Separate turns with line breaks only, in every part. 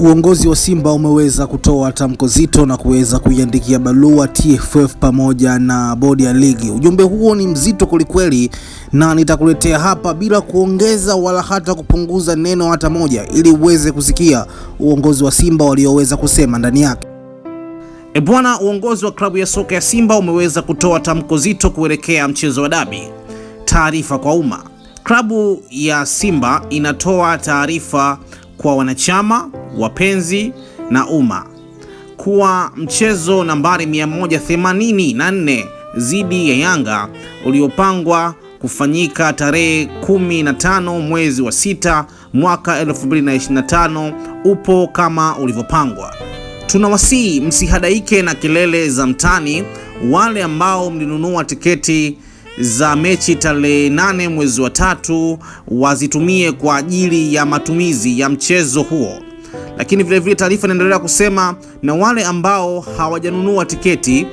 Uongozi wa Simba umeweza kutoa tamko zito na kuweza kuiandikia barua TFF pamoja na bodi ya ligi. Ujumbe huo ni mzito kwelikweli, na nitakuletea hapa bila kuongeza wala hata kupunguza neno hata moja, ili uweze kusikia uongozi wa Simba walioweza kusema ndani yake.
E bwana, uongozi wa klabu ya soka ya Simba umeweza kutoa tamko zito kuelekea mchezo wa dabi. Taarifa kwa umma. Klabu ya Simba inatoa taarifa kwa wanachama wapenzi na umma kuwa mchezo nambari 184 dhidi ya Yanga uliopangwa kufanyika tarehe 15 mwezi wa 6 mwaka 2025 upo kama ulivyopangwa. Tunawasihi msihadaike na kelele za mtani. Wale ambao mlinunua tiketi za mechi tarehe 8 mwezi wa tatu wazitumie kwa ajili ya matumizi ya mchezo huo. Lakini vilevile taarifa inaendelea kusema na wale ambao hawajanunua tiketi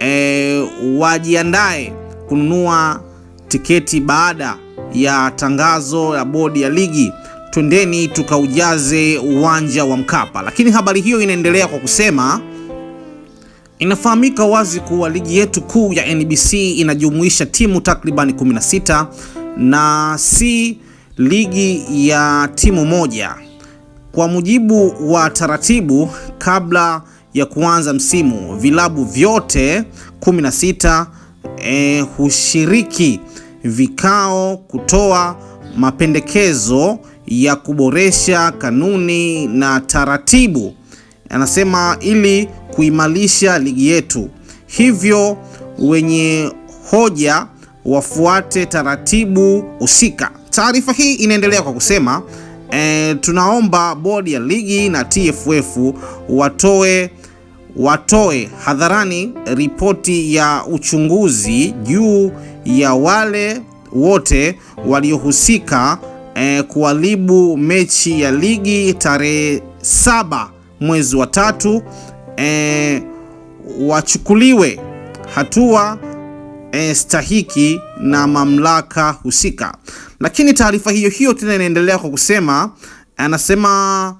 e, wajiandae kununua tiketi baada ya tangazo la bodi ya ligi, twendeni tukaujaze uwanja wa Mkapa. Lakini habari hiyo inaendelea kwa kusema Inafahamika wazi kuwa ligi yetu kuu ya NBC inajumuisha timu takribani 16 na si ligi ya timu moja. Kwa mujibu wa taratibu, kabla ya kuanza msimu, vilabu vyote 16 e, eh, hushiriki vikao kutoa mapendekezo ya kuboresha kanuni na taratibu, anasema ili kuimarisha ligi yetu. Hivyo wenye hoja wafuate taratibu husika. Taarifa hii inaendelea kwa kusema e, tunaomba bodi ya ligi na TFF watoe watoe hadharani ripoti ya uchunguzi juu ya wale wote waliohusika e, kuharibu mechi ya ligi tarehe saba mwezi wa tatu e, wachukuliwe hatua e, stahiki na mamlaka husika. Lakini taarifa hiyo hiyo tena inaendelea kwa kusema, anasema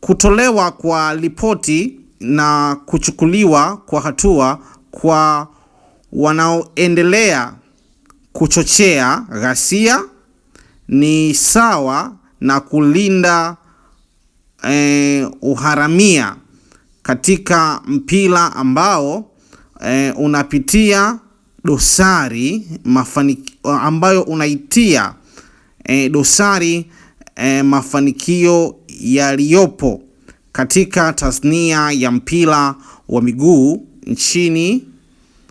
kutolewa kwa ripoti na kuchukuliwa kwa hatua kwa wanaoendelea kuchochea ghasia ni sawa na kulinda eh, uharamia katika mpira ambao eh, unapitia dosari mafanikio ambayo unaitia e, dosari e, mafanikio yaliyopo katika tasnia ya mpira wa miguu nchini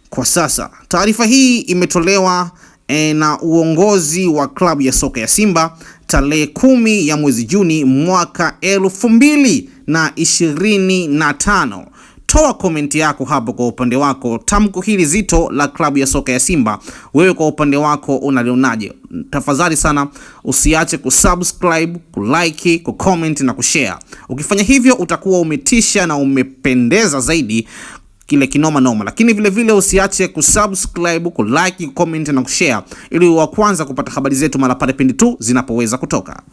kwa sasa. Taarifa hii imetolewa e, na uongozi wa klabu ya soka ya Simba tarehe kumi ya mwezi Juni mwaka elfu mbili na ishirini na tano. Toa komenti yako hapo kwa upande wako, tamko hili zito la klabu ya soka ya Simba, wewe kwa upande wako unalionaje? Tafadhali sana usiache kusubscribe, kulike, kucomment na kushare. Ukifanya hivyo utakuwa umetisha na umependeza zaidi kile kinoma noma, lakini vile vile usiache kusubscribe, kulike, kucomment na kushare ili wa kwanza kupata habari zetu mara pale pindi tu zinapoweza kutoka.